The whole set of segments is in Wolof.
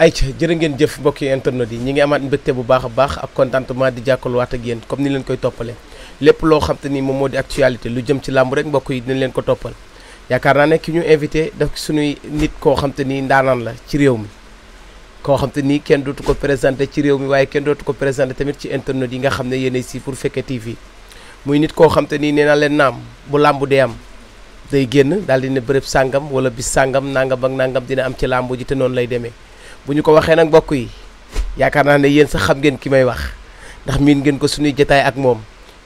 ay ayca jërë ngeen jëf mbokki internet yi ñi ngi amaat mbégte bu baax a baax ak contentement di jàkkaarloowaat ak yéen comme ni leen koy toppale lépp loo xam te ni moom moo di actualité lu jëm ci làmb rek mbokk yi dina leen ko toppal yaakaar naa ne ki ñu invité daf suñuy nit koo xam te ni ndaanaan la ci réew mi koo xam te ni kenn dootu ko présenté ci réew mi waaye kenn dootu ko présenté tamit ci internet yi nga xam ne yéenay si pour Fekke TV muy nit koo xam ni nee na leen naam bu làmb dee am day génn daal di ne bërëb sàngam wala bis sàngam nangam ak nangam dina am ci làmb ji te noonu lay demee bu ñu ko waxee nag mbokk yi yaakaar naa ne yéen sax xam ngeen ki may wax ndax miin ngeen ko suñuy jataay ak moom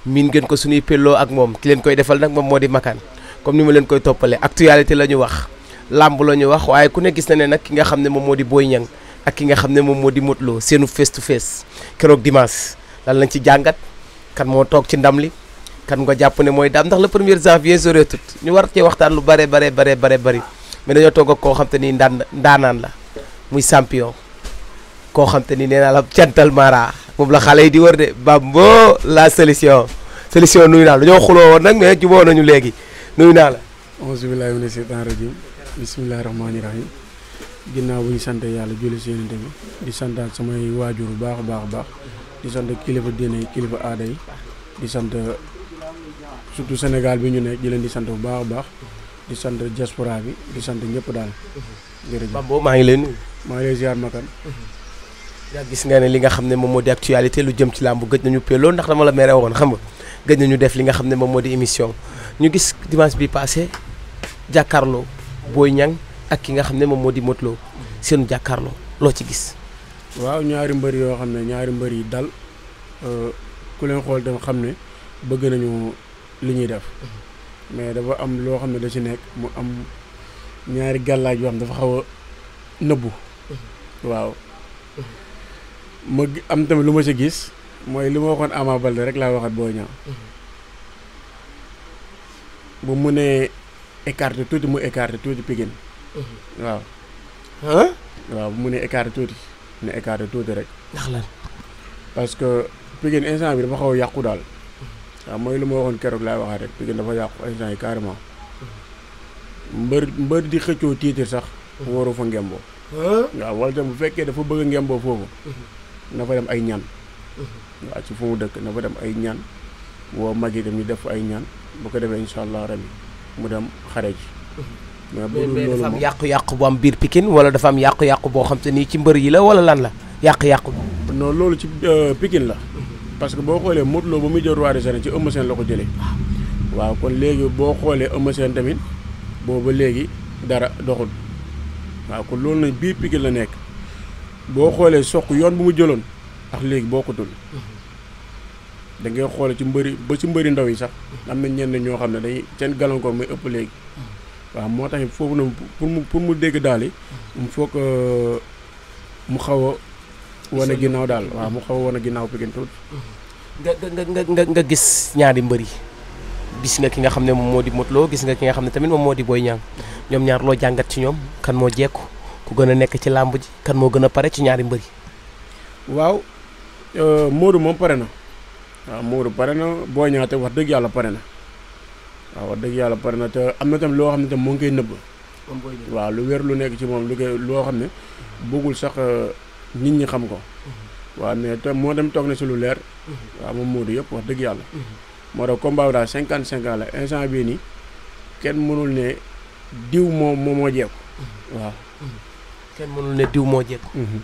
miin ngeen ko suñuy pelloo ak moom ki leen koy defal nag moom moo di makaan comme ni ma leen koy toppale actualité la ñu wax làmb la ñu wax waaye ku ne gis na ne nag ki nga xam ne moom moo di booy Niang ak ki nga xam ne moom moo di motloo seenu fes to face keroog dimanche lan lañ ci jàngat kan moo toog ci ndam li kan nga jàpp ne mooy daam ndax le premier janvier soreetut ñu war cee waxtaan lu bare bare bare bare bëri mais dañoo toog koo xam te ni ndaan ndaanaan la muy champion koo xam ni nee naa la cantal mara moom la xale yi di wër de Bambo la solution solution nuyu naa la dañoo xuloo woon nag mais juboo nañu léegi nuyu naa la auzu billaahi mina seytaani rajiim bismillaahi rahmaani ginnaaw bu ñu sante yàlla julli si yénente bi di santaat samay waajur bu baax a baax baax di sant kilifa diine yi kilifa aada yi di sant surtout Sénégal bi ñu ne di leen di sant bu baax a baax di sant diaspora bi di sant ñëpp daal mm-hmm. jërëjëf maa ngi lay nuyu maa ngi lay ziar Makan. yaa gis nga ne li nga xam ne moom moo di actualité lu jëm ci làmb gëj nañu peloo ndax dama la mere woon xam nga gëj nañu def li nga xam ne moom moo di émission ñu gis dimanche bi passé jàkkaarloo Boy Niang ak ki nga xam ne moom moo di motloo Lo seenu jàkkaarloo loo ci gis. waaw ñaari mbër yoo xam ne ñaari mbër yi dal euh, ku leen xool dem xam ne bëgg nañu li ñuy def mais dafa am loo xam ne da ci nekk mu am ñaari gàllaaj yoo xam dafa xaw a nëbbu. waaw ma am tamit lu ma ci gis mooy li ma waxoon Ama Baldé rek laa waxat boo Niang bu mu nee écarté tuuti mu écarté tuuti Pikine waaw waaw mu ne écarté tuuti ne écarté tuuti rek ndax lan parce que Pikine instant bi dafa xaw yàqu daal waaw mooy lu ma waxoon keroog laay waxaat rek Pikine dafa yàqu instant yi carrément mbër mbër di xëccoo tiitir sax waru fa ngemboo waaw wala tam bu fekkee dafa bëgg ngem boo foofu uhuh. na fa dem ay ñan uhuh. waaw ci fu mu dëkk na fa dem ay ñan woo mag yi dem ñu def ay ñaan bu ko defee incha allah rabi mu dem xare ji uhuh. mais bu dul loolu dafa bu am biir Pikine wala dafa am yàqu-yàqu boo xam te nii ci mbër yi la wala lan la yàqu-yàqu bi loolu ci euh, Pikine la parce que boo xoolee Modou ba muy jël roi des arènes ci Eumeu Sène la ko jëlee waaw léegi boo xoolee Eumeu Sène tamit boobu léegi dara doxul waaw ko loolu nag biir Pikine la nekk boo xoolee soq yoon bu mu jëloon ndax léegi boo ko da ngay xoole ci mbëri ba ci mbëri ndaw yi sax am na ñenn ñoo xam ne day seen gàllankoor mooy ëpp léegi waaw moo tax foofu nag pour mu pour mu dégg daal yi il faut que euh, mu xaw a wane ginnaaw daal mm-hmm. waaw mu xaw a wane ginnaaw Pikine tuut nga nga nga nga gis ñaari mbër yi gis nga ki nga xam ne moom moo di Modou Lo gis nga ki nga xam ne tamit moom moo di booy Niang ñoom ñaar loo jàngat ci ñoom kan moo jekku ku gën a nekk ci làmb ji kan moo gën a pare ci ñaari mbër waaw euh, Modou moom pare na waaw Modou pare na boo Niang te wax dëgg yàlla pare na waaw wax dëgg yàlla pare na te am na tam loo xam ne tam moo ngi koy nëbb. waaw lu wér lu nekk ci moom lu loo xam ne bëggul sax euh, nit ñi xam ko. Mhm. waaw mais te moo dem toog na si lu leer. Mhm. waaw moom Modou yëpp wax dëgg yàlla. Mhm. moo tax combat bi daal cinquante cinq la instant bii nii kenn mënul ne. diw moo moo moo jeeku mm-hmm. waaw. Mm-hmm. kenn mënul ne diw moo jeeku. Mm-hmm.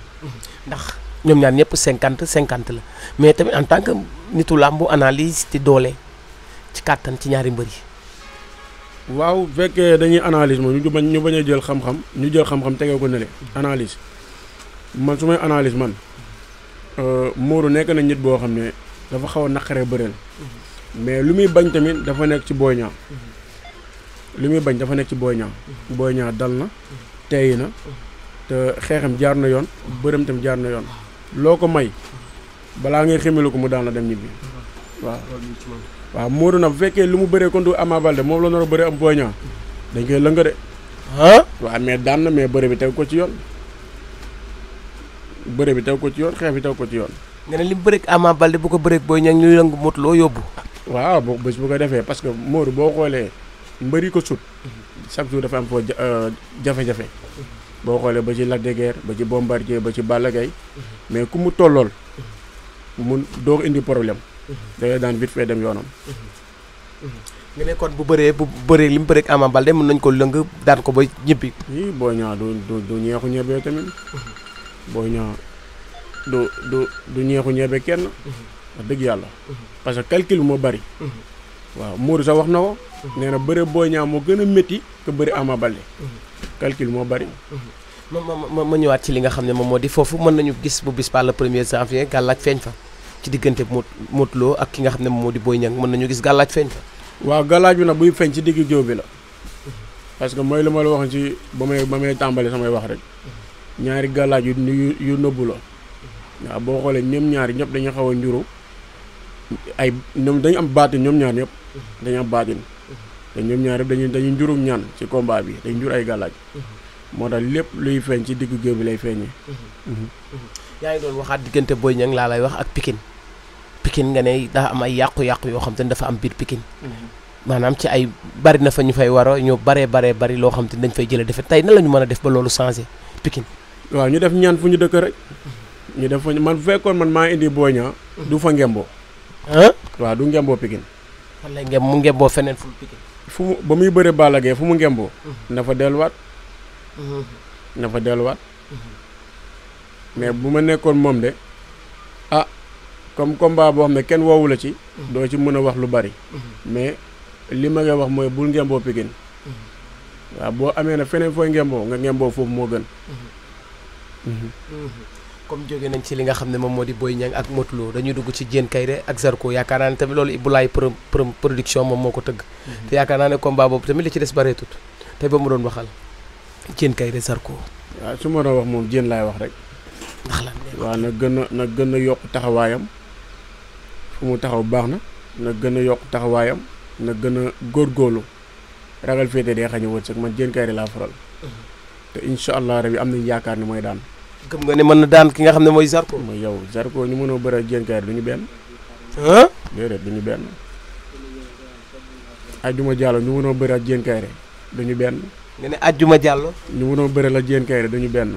ndax ñoom ñaar ñëpp cinquante cinquante la mais tamit en tant que nitu làmbu analise ci doole ci kàttan ci ñaari mbër yi. waaw bu fekkee dañuy analyse moom ñu bañ ñu bañ a jël ñu jël xam-xam tegee ko nële analyse man su may euh, nekk na nit boo xam ne dafa xaw a naqaree bëreel mais lu muy bañ tamit dafa nekk ci Boy Niang li muy bañ dafa nekk ci Boy Niang Boy ñaa dal na teey na te xeexam jaar na yoon bërëm tam jaar na yoon loo ko may balaa ngay xémelu ko mu daan la dem ñibbi waaw waaw na bu fekkee lu mu bëree kon du Ama Baldé moom la nar a bëree am Boy Niang dañ koy lënga de ah waaw mais daan na mais bëre bi teg ko ci yoon bëre bi teg ko ci yoon xeex bi teg ko ci yoon nga ne li mu bëreeg Ama Baldé bu ko bëreeg Boy Niang ñu lëng mot loo yóbbu waaw bés bu ko defee parce que Modou boo xoolee mbër yi ko sut chaque jour dafa am foo euh, jafe-jafe boo xoolee ba ci Lac de ba ci Bombardier ba ci Balla Gaye mais ku mu tollool mun doo indi problème dangay daan vite fait dem yoonam nga kon bu bëree bu bëree li mu bëree ak Ama Baldé nañ ko lëng daan ko ba ñibbi boo ñaa du du du ñeexu ñebee tamit boo ñaa du du du ñeexu ñebe kenn dëgg yàlla parce que calcul moo bari waaw moo Modou sa wax na ko. nee na bëre Boy Niang moo gën a métti que bëri Ama Baldé. calcul moo bari. ma ma ma ñëwaat ci li nga xam ne moom moo di foofu mën nañu gis bu bis par le premier janvier gàllaaj feeñ fa ci diggante Modou Lo ak ki nga xam ne moom moo di booy Niang mën nañu gis gàllaaj feeñ fa. waaw gàllaaj na nag buy feeñ ci digg géew bi la. parce que mooy li ma la waxoon ci ba may ba may tàmbali samay wax rek. ñaari gàllaaj yu yu yu nëbbuloo la. boo xoolee ñoom ñaari ñëpp dañu xaw a njuru ay ñoom dañu am baatu ñoom ñaar ñëpp. dañu am baatin ñaar dañuy dañuy njurum ñan ci combat bi dañ jur ay gàllaaj moo tax lépp luy feeñ ci diggu géew bi lay feeñee yaay ngi doon waxaat diggante booy Niang laa lay wax ak pikin Pikine nga ne daa am ay yàqu-yàqu yoo xam te ni dafa am biir pikin maanaam ci ay bari na fa ñu fay waro ñu baree baree bari loo xam te ne dañ fay jële defe tey na la ñu mën a def ba loolu changé Pikine waaw ñu def ñan fu ñu dëkk rek ñu def fa man fekkoon man maa indi Boy ña du fa ngemboo du ngemboo Pikine fan lay ngem mu ngemboo feneen fu mu fu ba muy bëre Balla fu mu ngemboo. Mhm. na fa delluwaat. Mhm. nafa fa delluwaat. Mhm. mais bu ma nekkoon moom de ah comme baa boo xam ne kenn woowu la ci. doo ci mën a wax lu bari. mais li ma wax mooy bul ngemboo piqué. waaw boo amee na feneen fooy ngemboo nga ngemboo foofu moo gën. comme jóge nañ ci li nga xam ne moom moo di Boy Niang ak Modou Lo dañuy dugg ci Diène Kaïré ak Zarko yaakaar naa ne tamit loolu Ibou Laye production moom moo ko tëgg. Mhm. te yaakaar naa ne combat boobu tamit li ci des bareetut tey ba mu doon waxal Diène Kaïré Zarko. waaw su ma wax moom Diène laay wax rek. ndax lan waaw na gën na gën a yokk taxawaayam fu mu taxaw baax na na gën a yokk taxawaayam na gën a góorgóorlu ragal féete day xañ a wërsëg man Diène Kaïré laa faral. Mhm. te incha allah rabi am nañu yaakaar ne mooy daan. gëm nga ne mën na daan ki nga xam ne mooy Zarko. mooy yow Zarko ñu mënoo bëre Diène du ñu benn. déedéet du ñu benn. Ajjuma Diallo ñu mënoo bëre ak Diène Kaïré du ñu benn. nga ne Ajjuma Diallo. ñu mënoo bëre la Diène Kaïré benn.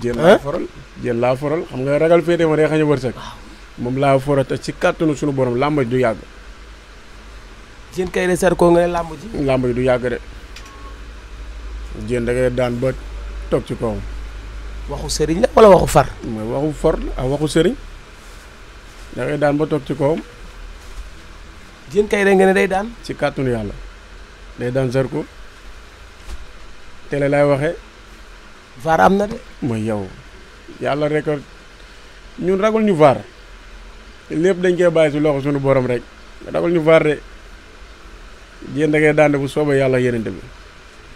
Diène laa foral Diène laa foral xam nga ragal féete ma day xañ wërsëg. moom laa foral te ci kàttanu sunu borom làmb ji du yàgg. Diène Kaïré Zarko nga làmb ji. du yàgg de. Diène da daan bët. toog ci kawam. waxu sëriñ la wala waxu far. mooy waxu for la ah, waxu sëriñ da ngay daan ba toog ci kawam. jën kay rek nga ne day daan. ci kàttanu yàlla day daan Zarko tele laay waxee. vaar am na de. mooy yow yàlla rek ñun ragul ñu vaar lépp dañ koy bàyyi si loxo suñu borom rek ragul ñu vaar de jën da ngay daan bu soobee yàlla yeneen bi.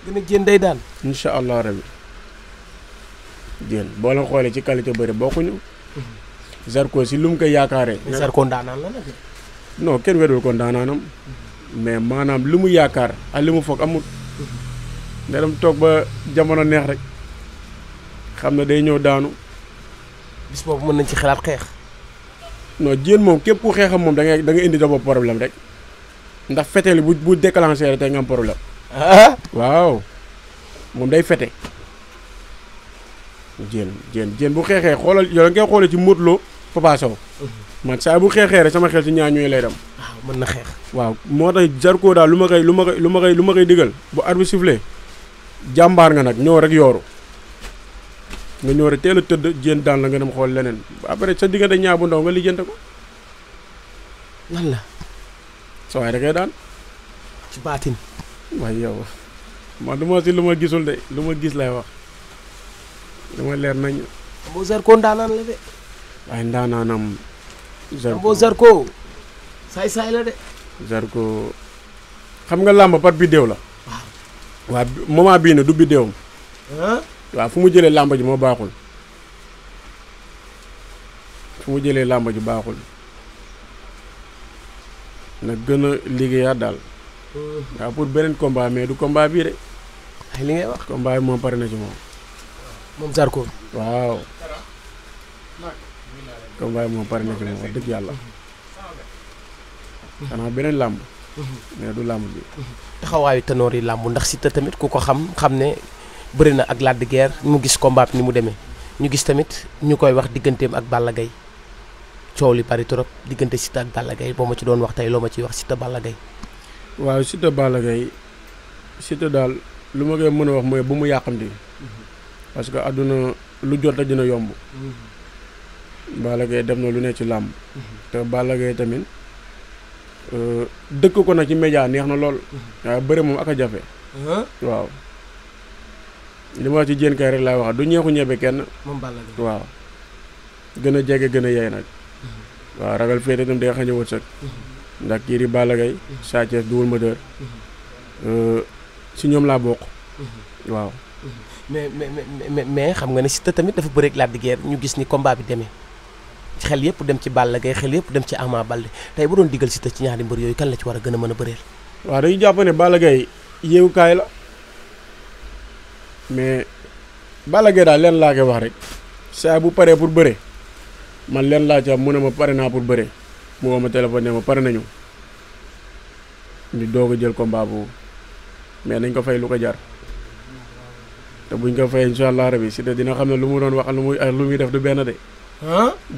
gën a jën day daan. incha allah rabi. jën boo la xoolee ci qualité bëri bokkuñu. Zarko si lu mu koy yaakaaree. mais Zarko ndaanaan la no non kenn wedul ko ndaanaanam. mais maanaam lu mu yaakaar ak li mu foog amul. ne dam toog ba jamono neex rek xam na day ñëw daanu. bis boobu mën nañ ci xalaat xeex. non jën moom képp ku xeexam moom dangay ngay da nga indi da bopp rek ndax feteel bu bu déclenché rek tey nga am ah. waaw moom day fete. jéen jéen jéen bu xeexee xoolal yow ngay xoolee ci Modou Lo Papa Sow man saa bu xeexee rek sama xel ci ñaar ñooy lay dem. waaw ah, mën na xeex. waaw moo tax Zarko daal lu ma koy lu ma koy lu ma koy lu ma koy digal bu arbitre sifflé jàmbaar nga nag ñëw rek yooru nga ñëw rek teel a tëdd jéen daan la nga dem xool leneen après sa diggante ñaar bu ndaw nga lijjante ko. lan la. sa waay da daan. ci baatin. waaye yow man du ma si lu ma gisul de lu ma gis lay wax. dama leer nañ. Abo Zarko ndaanaan la de. waaye ndaanaanam. Zarko saay saay la de. Zarko xam nga làmb par biddéew la. waaw waa moment bii ne du biddéewam. waaw fu mu jëlee làmb ji moo baaxul. fu mu jëlee làmba ju baaxul. na gën a liggéeyaat daal. waaw pour beneen combat mais du combat bii de. ay li ngay wax combat bi moom pare na ci moom. moom Zarko. waaw. combat moom pare na ci moom wax dëgg yàlla. Hmm. xanaa beneen làmb. Hmm. mais du làmb bi. Hmm. taxawaayu tanoor yi làmb ndax si te tamit ku ko xam xam ne bëri na ak Lac de mu gis combat ni mu demee ñu gis tamit ñu koy wax digganteem ak Balla Gaye coow li bari trop diggante Siteu ak Balla Gaye boo ma ci doon wax tey loo ma ciy wax Siteu Balla Gaye Balla Gaye Siteu daal lu ma koy mën a wax mooy bu mu yàqamti parce que àdduna lu jot rek dina yomb. Mm-hmm. Balla def na lu ne ci làmb. Mm-hmm. te Balla Gaye tamit euh, dëkk ko na ci média neex na lool. Mm-hmm. waaye bëri moom ak a jafe. waaw. li ma wax ci jéen kay rek laay wax du ñeexu ñebe kenn. moom waaw. gën a jege gën a yey nag. waaw ragal féete itam day xañ a wërsëg. ndax kii di Balla Gaye. Sa euh, si ñoom laa bokk. waaw. mais mais mais xam nga ne Siteu tamit dafa bëre ak Lac ñu gis ni combat bi demee xel yëpp dem ci Balla gay xel yëpp dem ci Ama Baldé tey bu doon digal Siteu ci ñaari mbër yooyu kan la ci war a gën a mën a bëreel. waaw dañu jàpp la mais Balla daal leen laa wax rek saa bu paree pour bëre man leen laa ca mu ne ma pare naa pour bëre mu woo ma téléphone ne ma pare nañu ñu doog a jël combat boobu mais nañ ko fay lu ko jar. te buñ ko fay incha allah rabi si de dina xam ne lu mu doon wax lu muy lu muy def du benn de.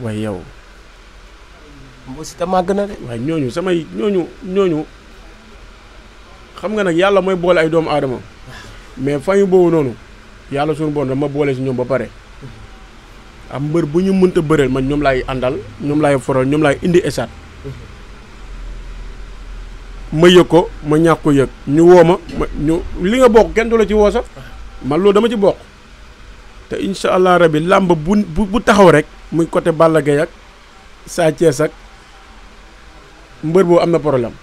waaye yow. moom aussi tam màgg na de. waaye ñooñu samay ñooñu ñooñu xam nga nag yàlla mooy boole ay doomu aadama. mais fayu boobu noonu yàlla suñu bon dama boole si ñoom ba pare. am mbër bu ñu mënta bëreel ma ñoom laay àndal ñoom laay foral ñoom laay indi esaat. ma yëg ko ma ñàkk ko yëg ñu woo ma ñu li nga bokk kenn du la ci woo sax. man loolu dama ci bokk te incha allah rabi làmb bu bu taxaw rek muy côté Balla Gaye ak Sa Thiès ak mbër boo am na problème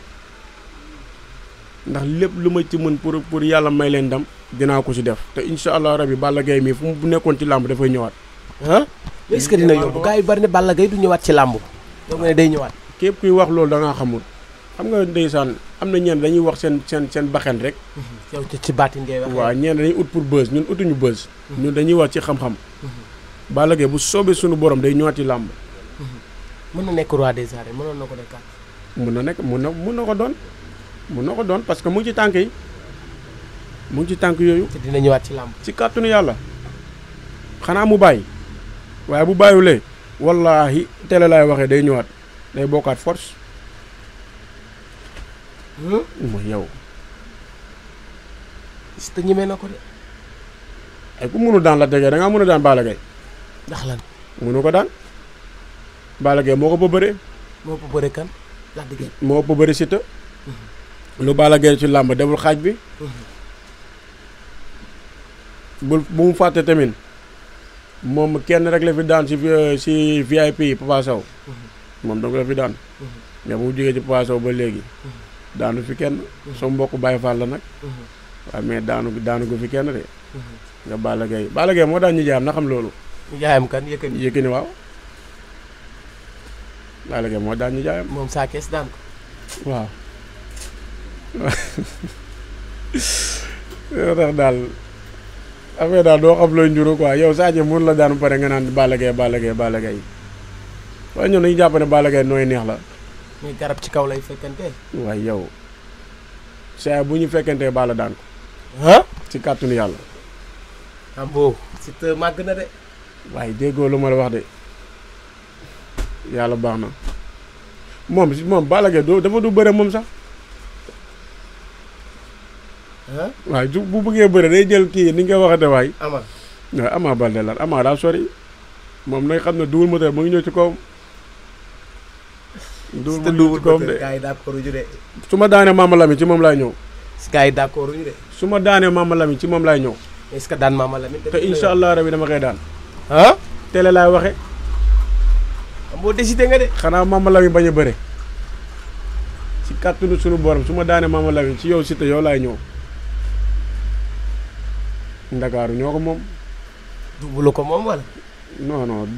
ndax lépp lu ma ci mën pour pour yàlla may leen ndam dinaa ko ci def te incha allah rabi Balla Gaye mii fu mu bu nekkoon ci làmb dafay ñëwaat. ah est-ce que dina yóbbu bari ne Balla Gaye ñëwaat ci làmb. donc ne day ñëwaat. képp kuy wax loolu da xamul xam nga ndeysaan am na ñeen dañuy wax seen seen seen baxen rek. yow baatin ngay ñeen dañuy ut pour buzz ñun utuñu buzz. Mhm. ñun dañuy wax ci xam-xam. Mhm. Balla Gaye bu soobee suñu borom day ñëwaat ci làmb. Mhm. mën na nekk roi des mënoon na ko nekkaat. mën na nekk mën na mën na ko doon. mun na ko doon parce que mu ngi ci tànk yi mu ci tànk yooyu. te dina ñëwaat ci làmb. ci kàttanu yàlla xanaa mu bàyyi waaye bu bàyyiwulee wallaahi tele laay waxee day ñëwaat day bokkaat force. uma yow si te na ko de ay ku mënu daan la degee da ngaa mën a daan Balla Gaye ndax lan mënu ko daan Balla Gaye moo ko ba bëree moo ko bëree kan mm-hmm. lu Balla Gaye ci làmb deful xaaj bi mm-hmm. bu bu mu fàtte tamit moom kenn rek la fi daan si euh, si VIP Papa Sow mm-hmm. moom donc la fi daan mais bu mu jógee ci Papa Sow ba léegi daanu fi kenn mhm. sama mbokk Baye Fall la nag mhm. waaw mais daanu daanu gu fi kenn de mhm. nga Balla Gaye moo daan ñu jaayam na xam loolu ñu jaayam kan Yékini Yékini waaw Balla Gaye moo daan ñu jaayam moom saa kees daan ko waaw yoo mun la daan pare nga naan Balla Gaye Balla Gaye Balla Gaye waaye ñoom ne Balla Gaye nooy neex la mais garab ci kaw lay fekkente. waaye yow saa bu ñu fekkantee baala daan ko. ah ci kàttanu yàlla. am boobu Siteu màgg na de. waaye déggoo lu ma la wax de yàlla baax na moom moom bala Gaye doo dafa du bëre moom sax. ah waaye su bu bëggee bëre day jël kii ni ngay waxate waay. ama waaw Ama Baldé lan Ama daa sori moom nag xam ne duwul moteur mu ngi ñëw ci kaw te duubul koom de gars su ma daanee Mama ci moom laay ñëw. gars yi d'accord ñu de. su ma daanee Mama Lamine ci moom laay ñëw. est-ce que daan Mama Lamine. te incha allah rabi dama koy daan. ah. télé laay waxee. boo nga xanaa Mama Lamine bañ a bëre. si kàttanu sunu borom su ma daanee Mama Lamine ci yow si te yow laay ñëw. Ndakaaru ñoo ko moom. duubulu ko moom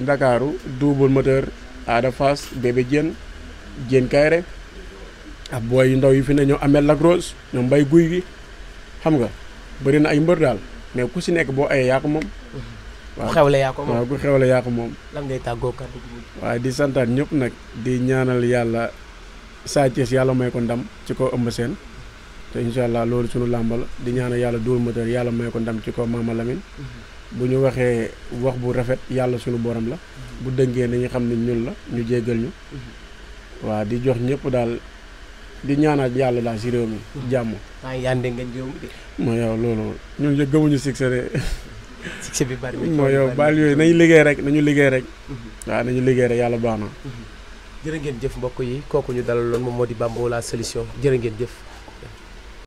Ndakaaru duubul moteur Ada Fass Bébé Diène. Diène Kairé ab booy yu ndaw yi fi ne ñoo amel Lac Rose ñoom mbay guy gi xam nga bëri na ay mbër daal mais ku si nekk boo ayee yaa ko moom. waaw ku xewle yaa ko moom waaw moom. lan ngay tàggoo kàddu gi. di santaat ñëpp nag di ñaanal yàlla Sa Thiès yàlla may ko ndam ci ko ëmb seen te incha allah loolu sunu làmb la di ñaanal yàlla Double Moteur yàlla may ko ndam ci ko Mama Lamine. Mm-hmm. bu ñu waxee wax bu rafet yàlla sunu borom la. Mm-hmm. bu dëngee nañu xam ni ñun la ñu jéggal ñu. Mm-hmm. waaw di jox ñëpp daal di ñaan ñaanal yàlla daal si réew mi hmm. jàmm. maa ngi yànde mooy loolu ñun ñu gëmuñu succès de. succès bi bari mooy yow baal yooyu nañu liggéey rek nañu liggéey rek. Hmm. waaw nañu liggéey rek yàlla baax na. Hmm. jërë ngeen jëf mbokk yi kooku ñu dalal dalaloon moom moo di Bamba la Solution jërë ngeen jëf.